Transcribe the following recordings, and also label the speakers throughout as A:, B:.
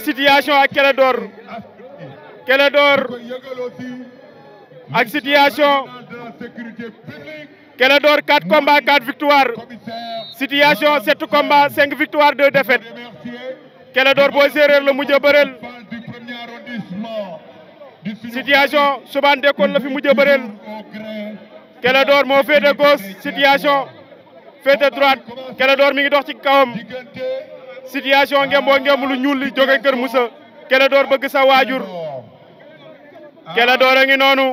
A: situation à Kélador Kélador avec situation Kélador 4 combats 4 victoires situation 7 combats 5 victoires 2 défaites Kélador Boy le la situation Soubane la fi gauche situation de droite mi ngi situation ngemboo ngemb lu ñuul li Kër Moussa Clédor bëgg sa waajur Clédor a noonu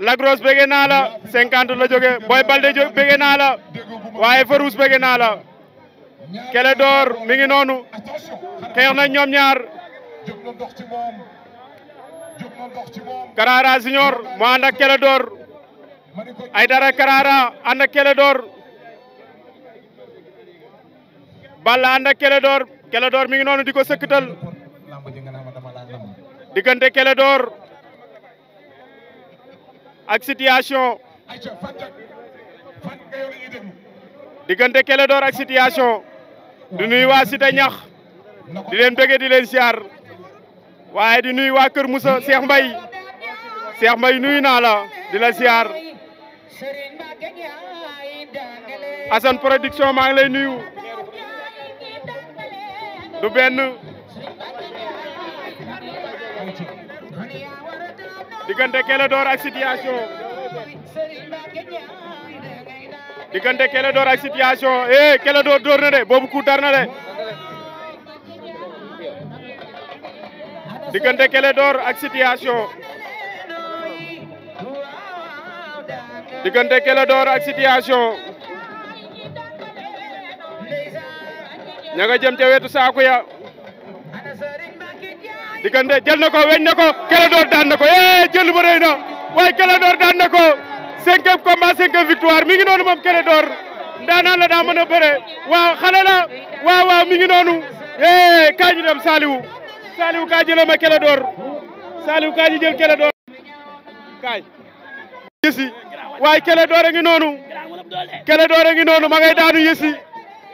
A: Lac Rose bëgg naa la cinquante la jóge Boy Baldé waaye Farouz bëgg naa la Clédor noonu xeex na ñoom ñaar Karara Junior mu ànd ak Clédor Aydara Karara ànd ak Balla anda ak Kélédor Kélédor mi ngi nonu diko ko digante diggante Kélédor ak situation diggante Kélédor ak situation di nuyu wa Cité Ñax di len bëgge di len siyaar waye di nuyu wa Kër musa Cheikh mbay Cheikh mbay nuyu na la di la siyaar asan Production ma ngi lay nuyu du benn diggante Clédor ak situation diggante Clédor ak situation eh Clédor door na de boobu ku tar na de diggante Clédor ak situation diggante Clédor ak situation ña jëm ci wétu saaku ya dikande jël nako wéñ nako na door Clédor daan na ko jël bu reyna way waaye door daan nako 5e combat 5e victoire mi ngi nonu mom moom door ndaanaan la da mëna a bëre waaw xale la waaw waaw mi ngi nonu é kaa dem saliwu saliwu kaa jëlee ma Clédor door saliwu ñu jël door kaay yesi way Clédor door ngi nonu Clédor door ngi nonu ma ngay daanu yesi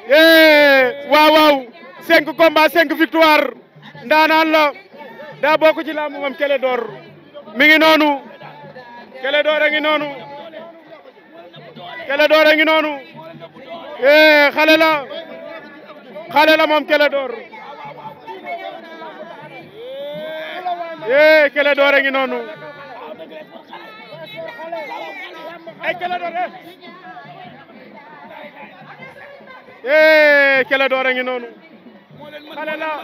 A: waaw waaw cinq combats cinq victoire ndaanaan la daa bokk ci làmb moom Clédor mi ngi noonu Clédor a ngi noonu Clédor a la xale la moom Clédor ee Clédor a ngi noonu eh Kelle Dore ngi noonu xale la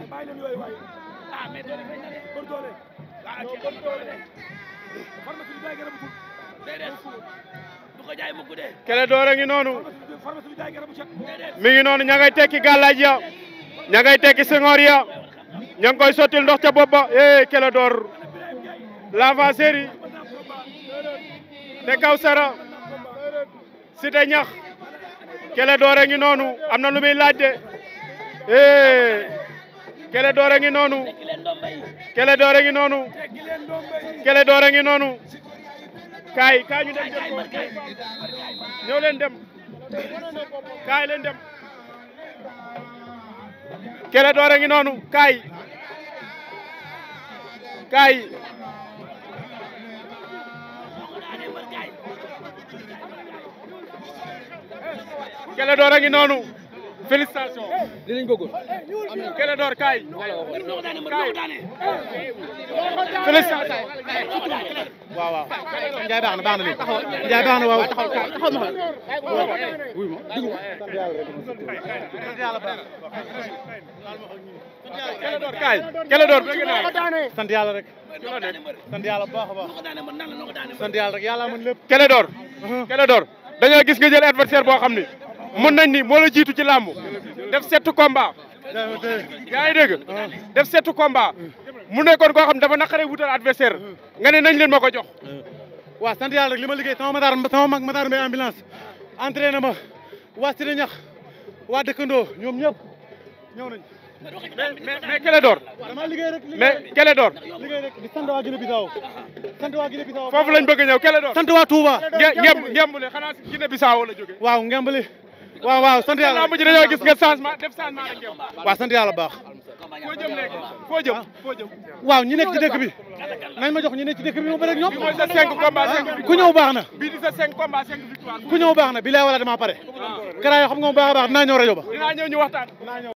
A: ba ah mais doole fay ngi noonu mi ngi noonu ña ngay tekki gàllaaj ya ña ngay tekki sengoor ya ña koy sottil ndox ca bopp ba eh kele te kaw sara si te ñax kele doore ngi noonu am na lu laaj de eh Kele Doore ngi noonu
B: Kele Doore ngi noonu
A: Kele Doore ngi noonu kaay kaay ñu dem jël ko leen dem kaay leen dem Kele Doore ngi noonu kaay kaay
B: Kele Doore ngi noonu
A: félicitations. dinañ ko góor. Clédor kaay. félicitations. waaw waaw. Ndiaye baax na baax na léegi. Ndiaye baax na waaw taxaw taxaw ma rek. sant yàlla bu baax a baax. sant yàlla rek yàlla mën lépp. Clédor. Clédor dañoo gis nga adversaire boo xam mën nañ ni mo la jitu ci lamb def sept combat gaay deug def sept combat mu nekkoon ko xam dafa naqaree wutal adversaire nga ne nañ leen mako jox wa sant yalla rek li ma sama madar, sama mag mataar mbay ambulance entraîné ma wa Sine ñax wa dëkkandoo ñom ñep ñew nañ mais mais Kélé Dóor mais Kélé Dóor di sant waa Guinée Bissau sant waa Guinée Bissau fofu lañ bëgg quel est d'or sant wa Touba ngembulé xana xanaa si la joggé waaw ngembulé waaw waaw sant yàlla lamb ji dañoo gis nga changement baax. waaw ñu nekk ci dëkk bi nañ ma jox ñu ci dëkk bi ku ñëw baax na. bii di sa ku ñëw baax na bilaay wala damaa pare. waaw ah. Karaay xam nga baax a baax dinaa ñëw rajo ba.